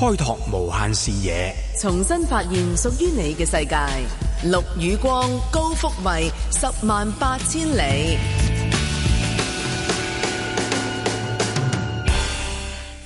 開拓無限視野，重新發現屬於你嘅世界。綠與光，高福慧，十萬八千里。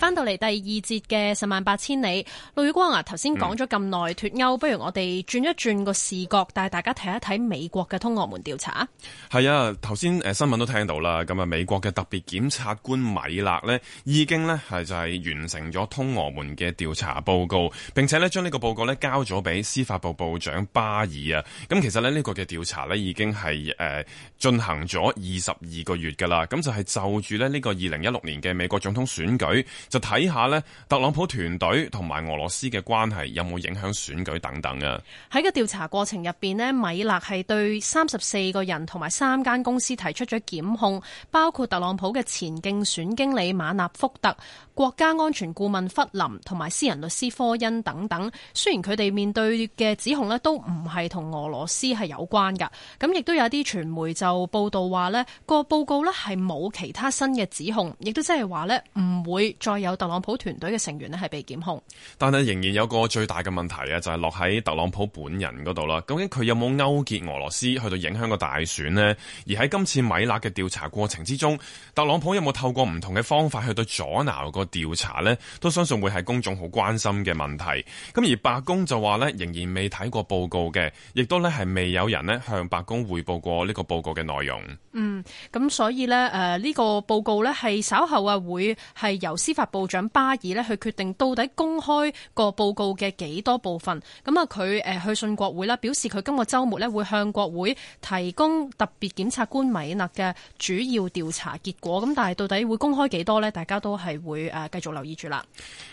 翻到嚟第二節嘅十萬八千里，陸宇光啊，頭先講咗咁耐脱歐，不如我哋轉一轉個視角，帶大家睇一睇美國嘅通俄門調查。係啊，頭先誒新聞都聽到啦，咁啊美國嘅特別檢察官米勒呢已經呢，係就係完成咗通俄門嘅調查報告，並且呢將呢個報告呢交咗俾司法部部長巴爾啊。咁其實呢呢個嘅調查呢已經係誒進行咗二十二個月㗎啦。咁就係就住呢呢個二零一六年嘅美國總統選舉。就睇下咧，特朗普團隊同埋俄羅斯嘅關係有冇影響選舉等等啊。喺個調查過程入邊咧，米勒係對三十四個人同埋三間公司提出咗檢控，包括特朗普嘅前競選經理馬納福特、國家安全顧問弗林同埋私人律師科恩等等。雖然佢哋面對嘅指控咧都唔係同俄羅斯係有關噶，咁亦都有啲傳媒就報道話咧個報告咧係冇其他新嘅指控，亦都即係話咧唔會再。有特朗普團隊嘅成員呢，係被檢控。但係仍然有個最大嘅問題啊，就係、是、落喺特朗普本人嗰度啦。究竟佢有冇勾結俄羅斯去到影響個大選呢？而喺今次米勒嘅調查過程之中，特朗普有冇透過唔同嘅方法去到阻撓個調查呢？都相信會係公眾好關心嘅問題。咁而白宮就話呢，仍然未睇過報告嘅，亦都呢係未有人呢向白宮匯報過呢個報告嘅內容。嗯，咁所以呢，誒、呃、呢、這個報告呢係稍後啊會係由司法部長巴爾呢去決定到底公開個報告嘅幾多部分，咁啊佢誒、去信國會啦，表示佢今個周末呢會向國會提供特別檢察官米勒嘅主要調查結果，咁但係到底會公開幾多呢？大家都係會誒繼續留意住啦。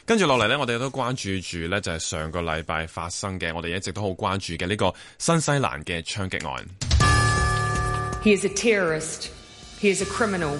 跟住落嚟呢，我哋都關注住呢就係上個禮拜發生嘅，我哋一直都好關注嘅呢、這個新西蘭嘅槍擊案。He is a terrorist. He is a criminal.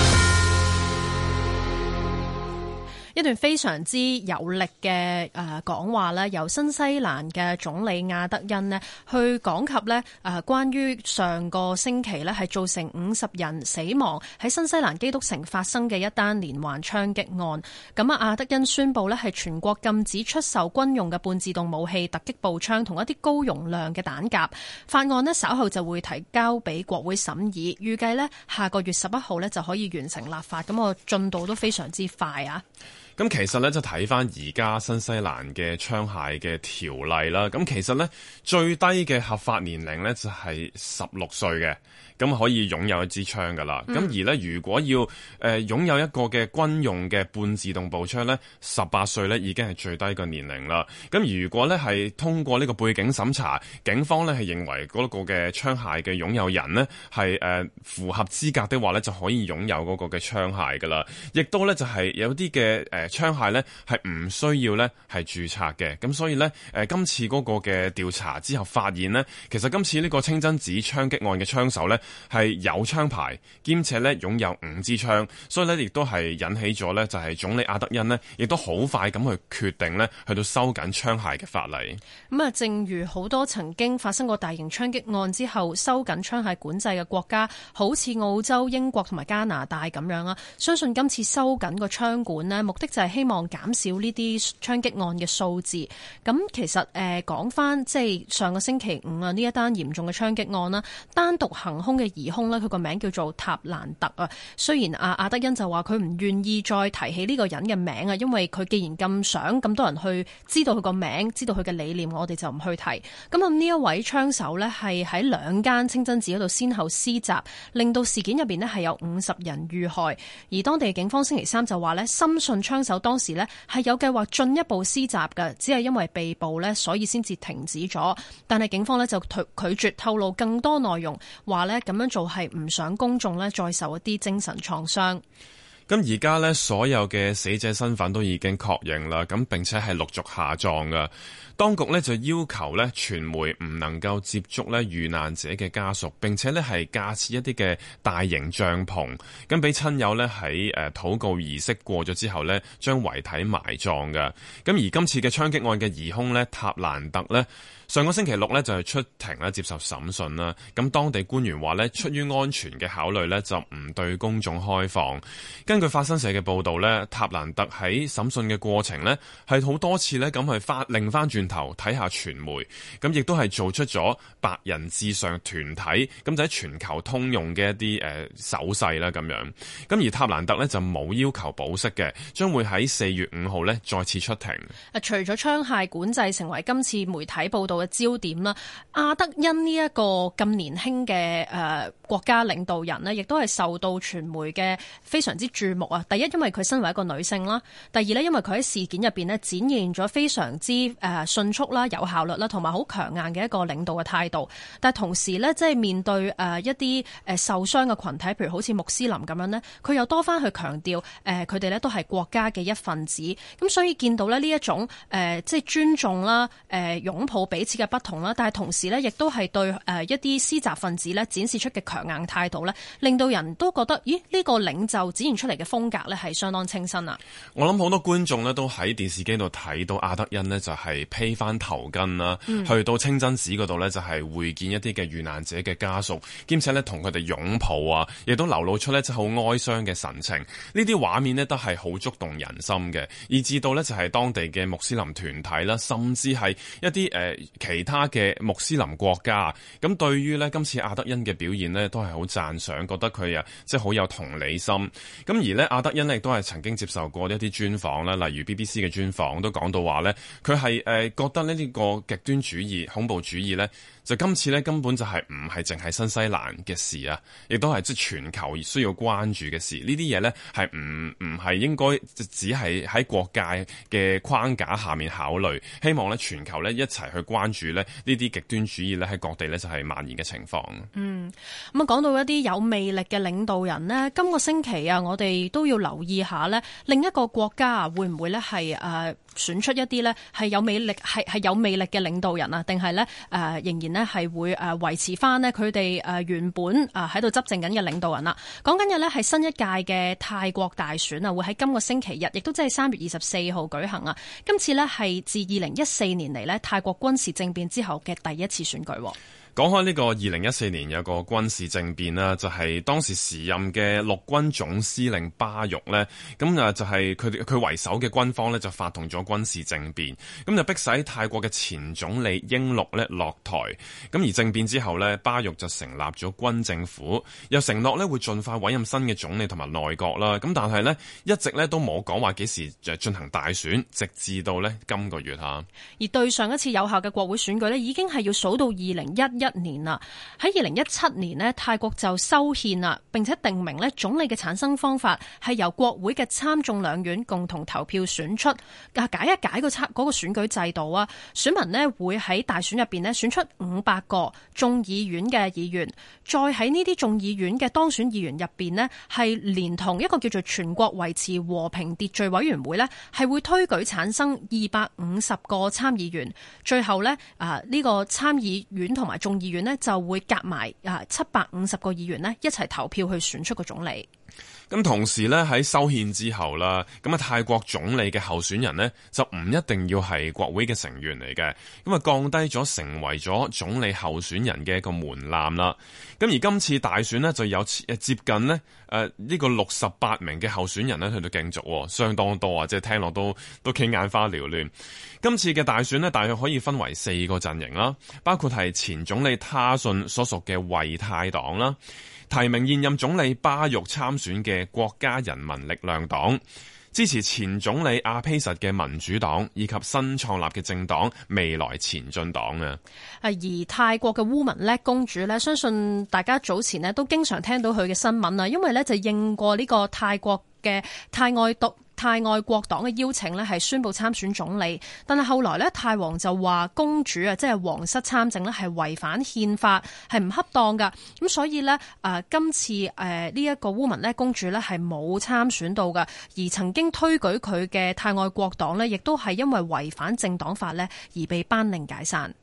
一段非常之有力嘅，誒講話，由新西蘭嘅總理阿德恩去講及咧，誒，關於上個星期咧，係造成五十人死亡喺新西蘭基督城發生嘅一單連環槍擊案。咁啊，阿德恩宣布咧係全國禁止出售軍用嘅半自動武器、突擊步槍同一啲高容量嘅彈匣。法案呢，稍後就會提交俾國會審議，預計呢下個月十一號呢就可以完成立法。咁個進度都非常之快啊！咁其實咧就睇翻而家新西蘭嘅槍械嘅條例啦，咁其實咧最低嘅合法年齡咧就係十六歲嘅，咁可以擁有一支槍噶啦。咁、嗯、而咧如果要誒、呃、擁有一個嘅軍用嘅半自動步槍咧，十八歲咧已經係最低嘅年齡啦。咁如果咧係通過呢個背景審查，警方咧係認為嗰個嘅槍械嘅擁有人呢係、呃、符合資格嘅話咧，就可以擁有嗰個嘅槍械噶啦。亦都咧就係有啲嘅槍械呢係唔需要呢係註冊嘅，咁所以呢，誒今次嗰個嘅調查之後發現呢，其實今次呢個清真寺槍擊案嘅槍手呢係有槍牌，兼且呢擁有五支槍，所以呢，亦都係引起咗呢就係總理阿德恩呢，亦都好快咁去決定呢去到收緊槍械嘅法例。咁啊，正如好多曾經發生過大型槍擊案之後收緊槍械管制嘅國家，好似澳洲、英國同埋加拿大咁樣啊，相信今次收緊個槍管呢目的。就係希望減少呢啲槍擊案嘅數字。咁其實誒講翻，即係上個星期五啊呢一單嚴重嘅槍擊案啦，單獨行兇嘅疑兇。呢佢個名叫做塔蘭特啊。雖然阿阿德恩就話佢唔願意再提起呢個人嘅名啊，因為佢既然咁想咁多人去知道佢個名，知道佢嘅理念，我哋就唔去提。咁啊呢一位槍手呢，係喺兩間清真寺嗰度先後施襲，令到事件入邊呢係有五十人遇害。而當地警方星期三就話呢，深信槍手當時咧，係有計劃進一步施襲㗎，只係因為被捕咧，所以先至停止咗。但係警方咧就拒拒絕透露更多內容，話呢咁樣做係唔想公眾咧再受一啲精神創傷。咁而家呢，所有嘅死者身份都已經確認啦，咁並且係陸續下葬㗎。當局呢就要求呢傳媒唔能夠接觸呢遇難者嘅家屬，並且呢係架設一啲嘅大型帳篷，咁俾親友呢喺禱告儀式過咗之後呢將遺體埋葬㗎。咁而今次嘅槍擊案嘅疑凶呢，塔蘭特呢，上個星期六呢就係出庭接受審訊啦。咁當地官員話呢，出於安全嘅考慮呢，就唔對公眾開放。根據法新社嘅報導呢，塔蘭特喺審訊嘅過程呢，係好多次呢咁去翻令翻轉。頭睇下傳媒，咁亦都係做出咗白人至上團體，咁就喺全球通用嘅一啲誒、呃、手勢啦，咁樣。咁而塔蘭特呢，就冇要求保釋嘅，將會喺四月五號呢再次出庭。啊，除咗槍械管制成為今次媒體報道嘅焦點啦，阿德恩呢一個咁年輕嘅誒國家領導人呢，亦都係受到傳媒嘅非常之注目啊。第一，因為佢身為一個女性啦；第二呢，因為佢喺事件入邊呢，展現咗非常之誒。呃迅速啦、有效率啦，同埋好強硬嘅一個領導嘅態度。但係同時呢，即係面對誒一啲誒受傷嘅群體，譬如好似穆斯林咁樣呢，佢又多翻去強調誒佢哋呢都係國家嘅一份子。咁所以見到咧呢一種誒即係尊重啦、誒擁抱彼此嘅不同啦。但係同時呢亦都係對誒一啲施襲分子呢展示出嘅強硬態度呢，令到人都覺得咦呢個領袖展現出嚟嘅風格呢係相當清新啊！我諗好多觀眾呢都喺電視機度睇到阿德恩呢就係、是。披翻頭巾啦，去到清真寺嗰度呢，就係會見一啲嘅遇難者嘅家屬，兼且呢同佢哋擁抱啊，亦都流露出呢即好哀傷嘅神情。呢啲畫面呢，都係好觸動人心嘅，以致到呢就係當地嘅穆斯林團體啦，甚至係一啲誒、呃、其他嘅穆斯林國家，咁對於呢今次阿德恩嘅表現呢，都係好讚賞，覺得佢啊即係好有同理心。咁而呢，阿德恩咧亦都係曾經接受過一啲專訪啦，例如 BBC 嘅專訪都講到話呢，佢係誒。覺得呢呢個極端主義恐怖主義咧。就今次咧，根本就係唔係淨係新西蘭嘅事啊，亦都係即係全球需要關注嘅事。呢啲嘢咧係唔唔係應該只係喺國界嘅框架下面考慮，希望咧全球咧一齊去關注咧呢啲極端主義咧喺各地咧就係蔓延嘅情況，嗯，咁啊，講到一啲有魅力嘅領導人咧，今個星期啊，我哋都要留意下咧另一個國家啊，會唔會咧係誒選出一啲咧係有魅力係係有魅力嘅領導人啊？定係咧誒仍然咧，係會誒維持翻呢佢哋誒原本喺度執政緊嘅領導人啦。講緊嘅呢係新一屆嘅泰國大選啊，會喺今個星期日，亦都即係三月二十四號舉行啊。今次呢係自二零一四年嚟呢，泰國軍事政變之後嘅第一次選舉。講開呢個二零一四年有個軍事政變啦，就係、是、當時時任嘅陸軍總司令巴育呢咁啊就係佢哋佢為首嘅軍方呢，就發動咗軍事政變，咁就逼使泰國嘅前總理英禄呢落台，咁而政變之後呢，巴育就成立咗軍政府，又承諾呢會盡快委任新嘅總理同埋內閣啦，咁但係呢，一直呢都冇講話幾時進行大選，直至到呢今個月吓。而對上一次有效嘅國會選舉呢，已經係要數到二零一。一年啦，喺二零一七年呢，泰國就修憲啦，並且定明呢總理嘅產生方法係由國會嘅參眾兩院共同投票選出。啊解一解個參個選舉制度啊，選民呢會喺大選入邊呢選出五百個眾議院嘅議員，再喺呢啲眾議院嘅當選議員入邊呢，係連同一個叫做全國維持和平秩序委員會呢，係會推舉產生二百五十個參議員，最後呢啊呢個參議院同埋眾議員咧就會夾埋啊七百五十個議員咧一齊投票去選出個總理。咁同時咧喺修憲之後啦，咁啊泰國總理嘅候選人呢，就唔一定要係國會嘅成員嚟嘅，咁啊降低咗成為咗總理候選人嘅一個門檻啦。咁而今次大選呢，就有接近呢誒呢個六十八名嘅候選人呢去到競逐，相當多啊，即係聽落都都企眼花繚亂。今次嘅大選呢，大約可以分為四個陣營啦，包括係前總理他信所屬嘅為泰黨啦。提名現任總理巴育參選嘅國家人民力量黨，支持前總理阿披實嘅民主黨，以及新創立嘅政黨未來前進黨啊。而泰國嘅烏汶叻公主呢，相信大家早前都經常聽到佢嘅新聞啦，因為呢就應過呢個泰國嘅泰愛獨。太愛國黨嘅邀請咧，係宣布參選總理，但係後來咧，泰王就話公主啊，即係皇室參政咧，係違反憲法，係唔恰當噶。咁所以呢誒、呃，今次誒呢一個烏文咧，公主咧係冇參選到噶，而曾經推舉佢嘅太愛國黨咧，亦都係因為違反政黨法咧，而被頒令解散。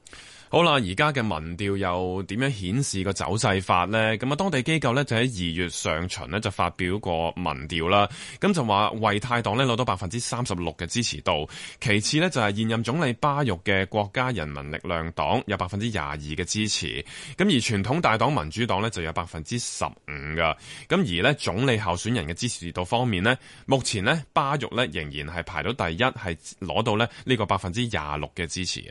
好啦，而家嘅民調又點樣顯示個走勢法呢？咁啊，當地機構咧就喺二月上旬呢，就發表過民調啦。咁就話為泰黨呢，攞到百分之三十六嘅支持度，其次呢，就係現任總理巴育嘅國家人民力量黨有百分之廿二嘅支持。咁而傳統大黨民主黨呢，就有百分之十五噶。咁而呢，總理候選人嘅支持度方面呢，目前呢，巴育呢，仍然係排到第一，係攞到呢個百分之廿六嘅支持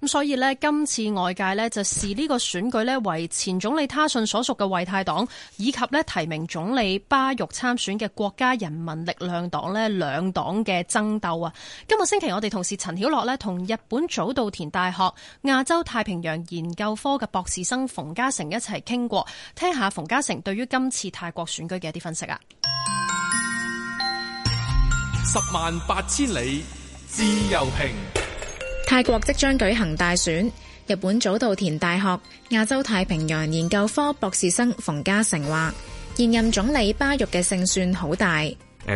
咁所以呢，今次外界呢就視呢個選舉呢為前總理他信所屬嘅衛泰黨，以及呢，提名總理巴育參選嘅國家人民力量黨呢兩黨嘅爭鬥啊。今個星期我哋同事陳曉樂呢，同日本早稻田大學亞洲太平洋研究科嘅博士生馮嘉誠一齊傾過，聽下馮嘉誠對於今次泰國選舉嘅一啲分析啊。十萬八千里自由評。泰國即將舉行大選，日本早稻田大學亞洲太平洋研究科博士生馮嘉誠話：現任總理巴育嘅勝算好大。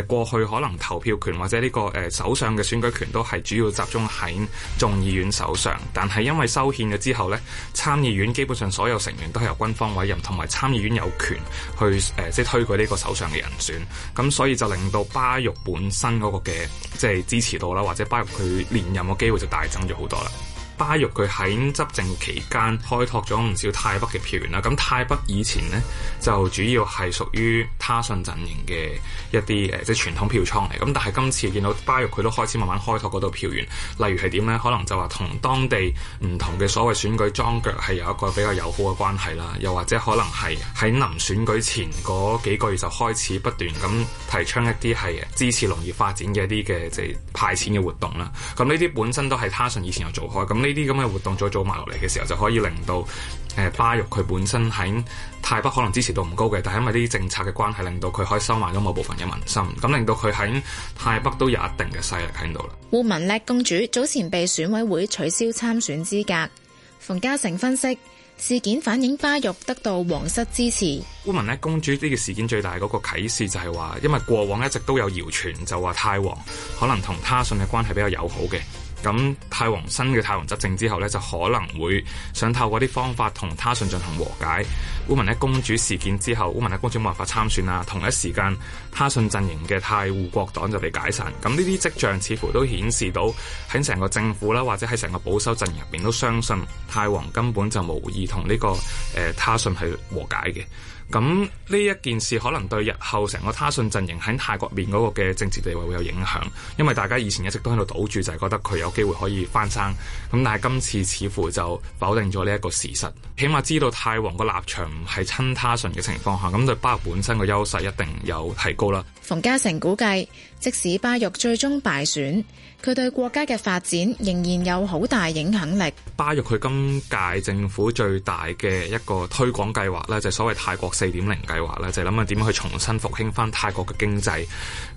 過去可能投票權或者呢、呢個誒首相嘅選舉權都係主要集中喺眾議院手上，但係因為修憲嘅之後呢，參議院基本上所有成員都係由軍方委任，同埋參議院有權去、呃、即係推舉呢個首相嘅人選，咁所以就令到巴育本身嗰個嘅即係支持度啦，或者巴育佢連任嘅機會就大增咗好多啦。巴育佢喺執政期間開拓咗唔少泰北嘅票源啦。咁泰北以前呢，就主要係屬於他信陣營嘅一啲即係傳統票倉嚟。咁但係今次見到巴育，佢都開始慢慢開拓嗰度票源，例如係點呢？可能就話同當地唔同嘅所謂選舉莊腳係有一個比較友好嘅關係啦。又或者可能係喺臨選舉前嗰幾個月就開始不斷咁提倡一啲係支持農業發展嘅一啲嘅即派錢嘅活動啦。咁呢啲本身都係他信以前有做開。咁呢？呢啲咁嘅活動再做埋落嚟嘅時候，就可以令到誒巴育佢本身喺泰北可能支持度唔高嘅，但係因為呢啲政策嘅關係，令到佢可以收埋咗某部分嘅民心，咁令到佢喺泰北都有一定嘅勢力喺度啦。烏汶叻公主早前被選委會取消參選資格，馮嘉誠分析事件反映巴育得到皇室支持。烏汶叻公主呢個事件最大嗰個啟示就係話，因為過往一直都有謠傳，就話泰王可能同他信嘅關係比較友好嘅。咁泰王新嘅泰王執政之後咧，就可能會想透過啲方法同他信進行和解。烏汶叻公主事件之後，烏汶叻公主冇辦法參選啦、啊，同一時間，他信陣營嘅泰護國黨就被解散，咁呢啲跡象似乎都顯示到喺成個政府啦，或者喺成個保守陣營入邊都相信泰王根本就無意同呢、這個誒、呃、他信係和解嘅。咁呢一件事可能對日後成個他信陣營喺泰國面嗰個嘅政治地位會有影響，因為大家以前一直都喺度賭住就係、是、覺得佢有機會可以翻生，咁但係今次似乎就否定咗呢一個事實。起碼知道泰王個立場唔係親他信嘅情況下，咁對巴本身個優勢一定有提高。馮嘉誠估計，即使巴育最終敗選，佢對國家嘅發展仍然有好大影響力。巴育佢今屆政府最大嘅一個推廣計劃咧，就係、所謂泰國四點零計劃咧，就諗下點樣去重新復興返泰國嘅經濟。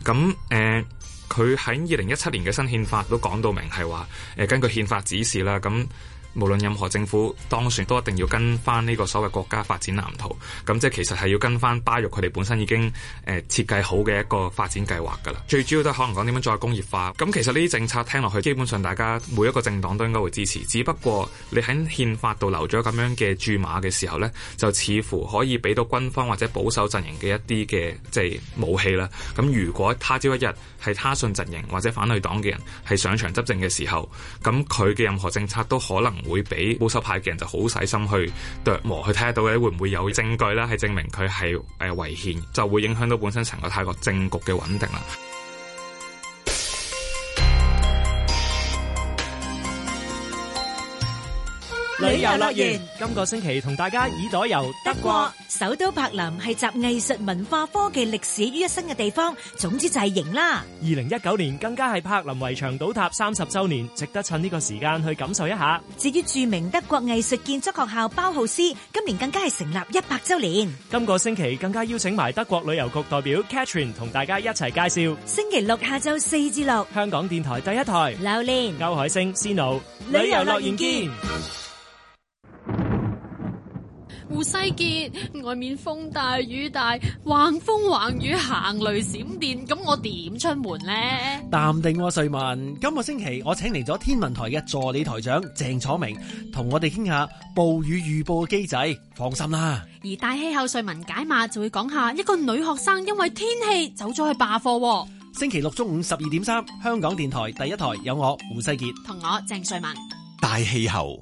咁誒，佢喺二零一七年嘅新憲法都講到明係話，誒、呃、根據憲法指示啦，咁。無論任何政府當選都一定要跟翻呢個所謂國家發展藍圖，咁即係其實係要跟翻巴育佢哋本身已經呃、設計好嘅一個發展計劃㗎啦。最主要都係可能講點樣再工業化。咁其實呢啲政策聽落去基本上大家每一個政黨都應該會支持，只不過你喺憲法度留咗咁樣嘅注碼嘅時候呢，就似乎可以俾到軍方或者保守陣營嘅一啲嘅即係武器啦。咁如果他朝一日係他信陣營或者反對黨嘅人係上場執政嘅時候，咁佢嘅任何政策都可能。唔會俾保守派嘅人就好細心去琢磨，去睇得到嘅會唔會有證據咧？係證明佢係誒違憲，就會影響到本身成個泰國政局嘅穩定啦。旅遊樂園，今個星期同大家耳朵遊德國首都柏林，係集藝術、文化、科技、歷史於一身嘅地方。總之就係型啦！二零一九年更加係柏林圍牆倒塌三十周年，值得趁呢個時間去感受一下。至於著名德國藝術建築學校包豪斯，今年更加係成立一百周年。今個星期更加邀請埋德國旅遊局代表 Katrin 同大家一齊介紹。星期六下晝四至六，香港電台第一台，榴蓮、歐海星、思努，旅遊樂園見。胡世杰，外面風大雨大，橫風橫雨，行雷閃電，咁我點出門咧？淡定喎，瑞文。今個星期我請嚟咗天文台嘅助理台長鄭楚明，同我哋傾下暴雨預報嘅機制。放心啦，而大氣候瑞文解碼就會講下一個女學生因為天氣走咗去罷課。星期六中午十二點三，香港電台第一台有我胡世杰同我鄭瑞文大氣候。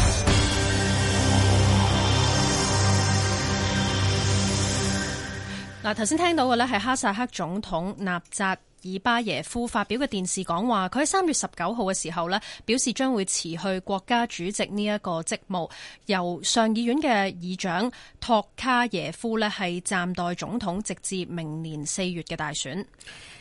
嗱，頭先聽到嘅咧係哈薩克總統納扎爾巴耶夫發表嘅電視講話，佢喺三月十九號嘅時候咧，表示將會辭去國家主席呢一個職務，由上議院嘅議長托卡耶夫咧係暫代總統，直至明年四月嘅大選，嗯。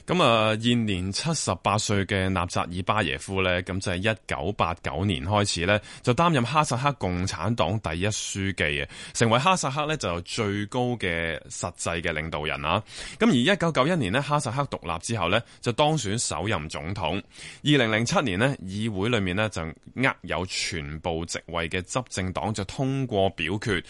咁啊，現年七十八歲嘅納扎爾巴耶夫咧，咁就係一九八九年開始咧就擔任哈薩克共產黨第一書記啊，成為哈薩克咧就最高嘅實際嘅領導人啊。咁而一九九一年咧，哈薩克獨立之後，咧就當選首任總統。二零零七年呢，議會裏面呢，就握有全部席位嘅執政黨就通過表決。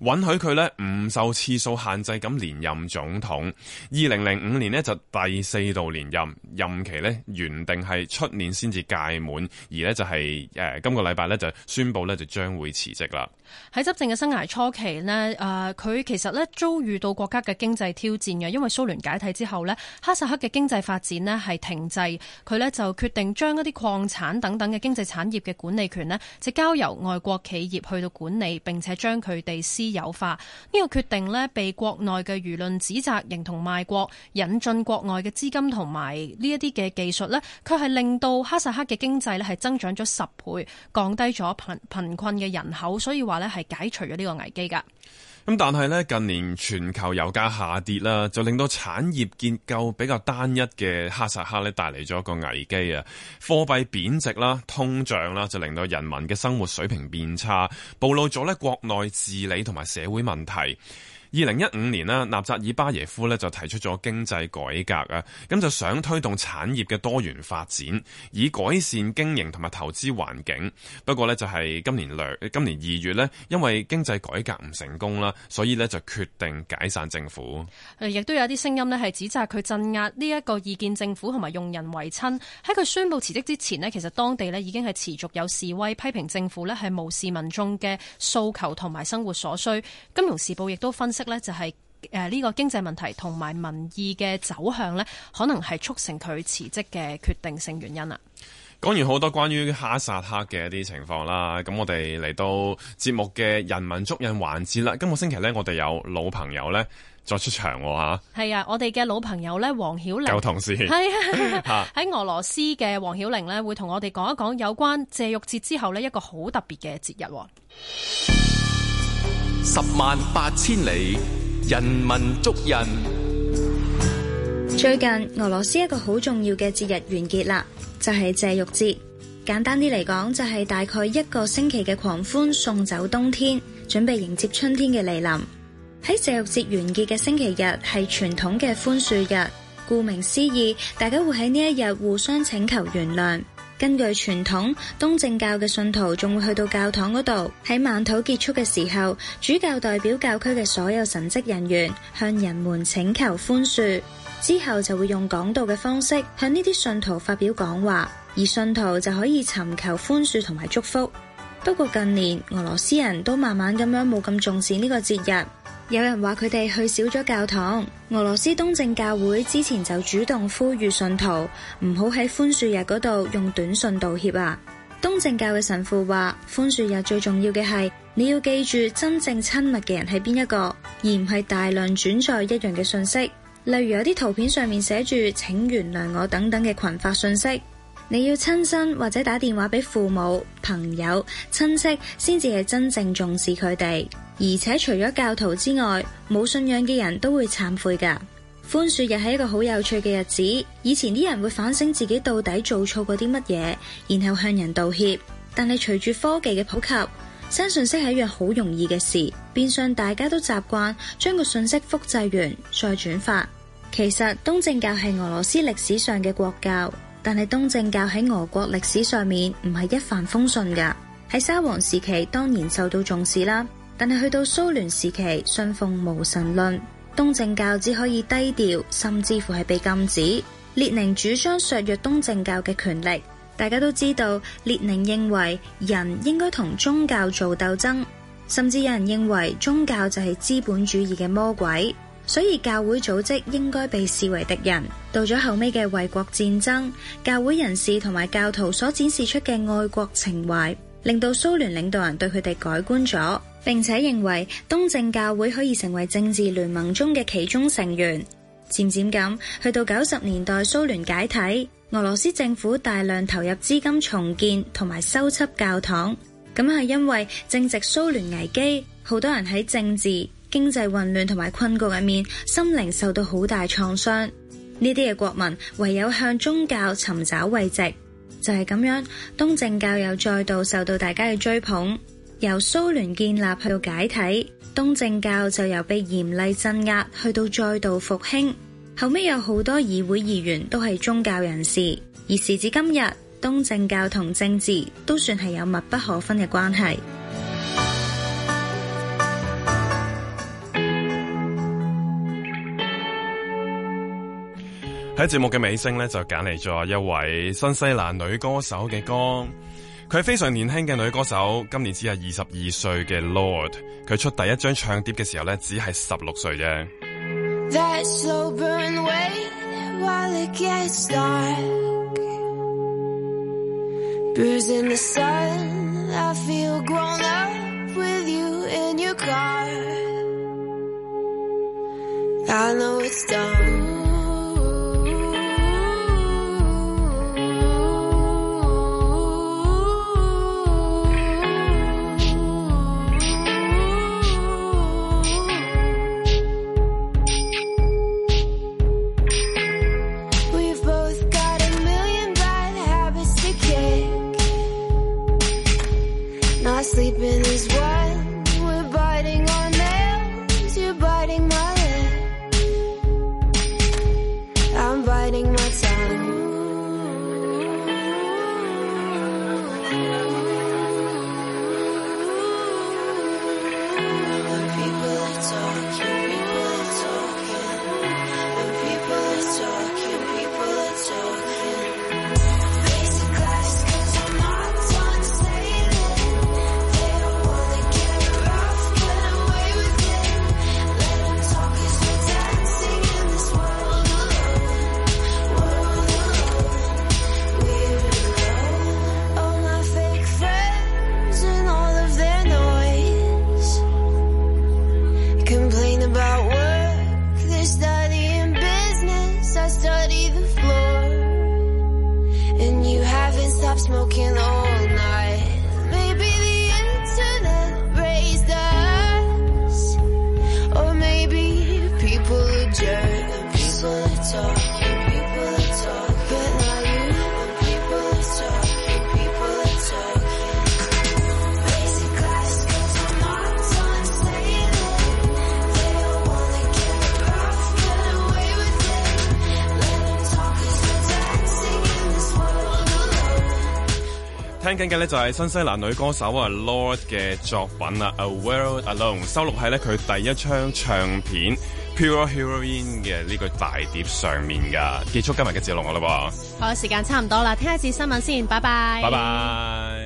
允許佢呢唔受次數限制咁連任總統，二零零五年呢就第四度連任，任期呢原定係出年先至屆滿，而呢就係、是、誒、呃、今個禮拜呢就宣布呢就將會辭職啦。喺執政嘅生涯初期呢誒佢其實呢遭遇到國家嘅經濟挑戰嘅，因為蘇聯解體之後呢哈薩克嘅經濟發展呢係停滯，佢呢就決定將一啲礦產等等嘅經濟產業嘅管理權呢就交由外國企業去到管理，並且將佢哋私有化呢、這個決定咧，被國內嘅輿論指責形同賣國。引進國外嘅資金同埋呢一啲嘅技術咧，佢係令到哈薩克嘅經濟咧係增長咗十倍，降低咗貧貧困嘅人口，所以話咧係解除咗呢個危機噶。咁但係咧，近年全球油價下跌啦，就令到產業結構比較單一嘅哈薩克咧帶嚟咗一個危機啊。貨幣貶值啦，通脹啦，就令到人民嘅生活水平變差，暴露咗咧國內治理同埋社會問題。二零一五年咧，納扎爾巴耶夫咧就提出咗經濟改革啊，咁就想推動產業嘅多元發展，以改善經營同埋投資環境。不過呢就係今年兩，今年二月咧，因為經濟改革唔成功啦，所以呢就決定解散政府。亦都有啲聲音呢係指責佢鎮壓呢一個異見政府同埋用人唯親。喺佢宣布辭職之前呢，其實當地咧已經係持續有示威，批評政府呢係無視民眾嘅訴求同埋生活所需。金融時報亦都分。即咧就係誒呢個經濟問題同埋民意嘅走向呢，可能係促成佢辭職嘅決定性原因啦。講完好多關於哈薩克嘅一啲情況啦，咁我哋嚟到節目嘅人文足印環節啦。今個星期呢，我哋有老朋友呢再出場喎吓。係啊，啊，我哋嘅老朋友呢，黃曉玲，有同事喺 俄羅斯嘅黃曉玲呢，會同我哋講一講有關謝肉節之後呢一個好特別嘅節日。十萬八千里，人文足印。最近俄羅斯一個好重要嘅節日完結啦，就係、是、謝肉節。簡單啲嚟講，就係、是、大概一個星期嘅狂歡，送走冬天，準備迎接春天嘅嚟臨。喺謝肉節完結嘅星期日係傳統嘅寬恕日，顧名思義，大家會喺呢一日互相請求原諒。根據傳統，東正教嘅信徒仲會去到教堂嗰度，喺晚禱結束嘅時候，主教代表教區嘅所有神職人員向人們請求寬恕，之後就會用講道嘅方式向呢啲信徒發表講話，而信徒就可以尋求寬恕同埋祝福。不過近年，俄羅斯人都慢慢咁樣冇咁重視呢個節日。有人話佢哋去少咗教堂。俄羅斯東正教會之前就主動呼籲信徒唔好喺寬恕日嗰度用短信道歉啊。東正教嘅神父話，寬恕日最重要嘅係你要記住真正親密嘅人係邊一個，而唔係大量轉載一樣嘅信息。例如有啲圖片上面寫住請原諒我等等嘅群發信息。你要親身或者打電話俾父母、朋友、親戚，先至係真正重視佢哋。而且除咗教徒之外，冇信仰嘅人都會懺悔㗎。噶寬恕又係一個好有趣嘅日子。以前啲人會反省自己到底做錯過啲乜嘢，然後向人道歉。但係隨住科技嘅普及，新信息係一樣好容易嘅事，變相大家都習慣將個信息複製完再轉發。其實東正教係俄羅斯歷史上嘅國教。但係東正教喺俄國歷史上面唔係一帆風順㗎，喺沙皇時期當然受到重視啦。但係去到蘇聯時期，信奉無神論，東正教只可以低調，甚至乎係被禁止。列寧主張削弱東正教嘅權力。大家都知道，列寧認為人應該同宗教做鬥爭，甚至有人認為宗教就係資本主義嘅魔鬼。所以教會組織應該被視為敵人。到咗後尾嘅衛國戰爭，教會人士同埋教徒所展示出嘅愛國情懷，令到蘇聯領導人對佢哋改觀咗，並且認為東正教會可以成為政治聯盟中嘅其中成員。漸漸咁，去到九十年代蘇聯解體，俄羅斯政府大量投入資金重建同埋修葺教堂。咁係因為正值蘇聯危機，好多人喺政治。經濟混亂同埋困局入面，心靈受到好大創傷。呢啲嘅國民唯有向宗教尋找慰藉，就係咁樣。東正教又再度受到大家嘅追捧。由蘇聯建立去到解體，東正教就由被嚴厲鎮壓去到再度復興。後尾有好多議會議員都係宗教人士，而時至今日，東正教同政治都算係有密不可分嘅關係。喺節目嘅尾聲咧，就揀嚟咗一位新西蘭女歌手嘅歌。佢係非常年輕嘅女歌手，今年只係二十二歲嘅 Lord。佢出第一張唱碟嘅時候咧，只係十六歲啫。聽緊嘅咧就係新西蘭女歌手啊 Lord 嘅作品《A World Alone》收錄喺咧佢第一張唱片《Pure Heroine》嘅呢個大碟上面噶。結束今日嘅節目我啦，好，時間差唔多啦，聽下次新聞先，拜拜。拜拜。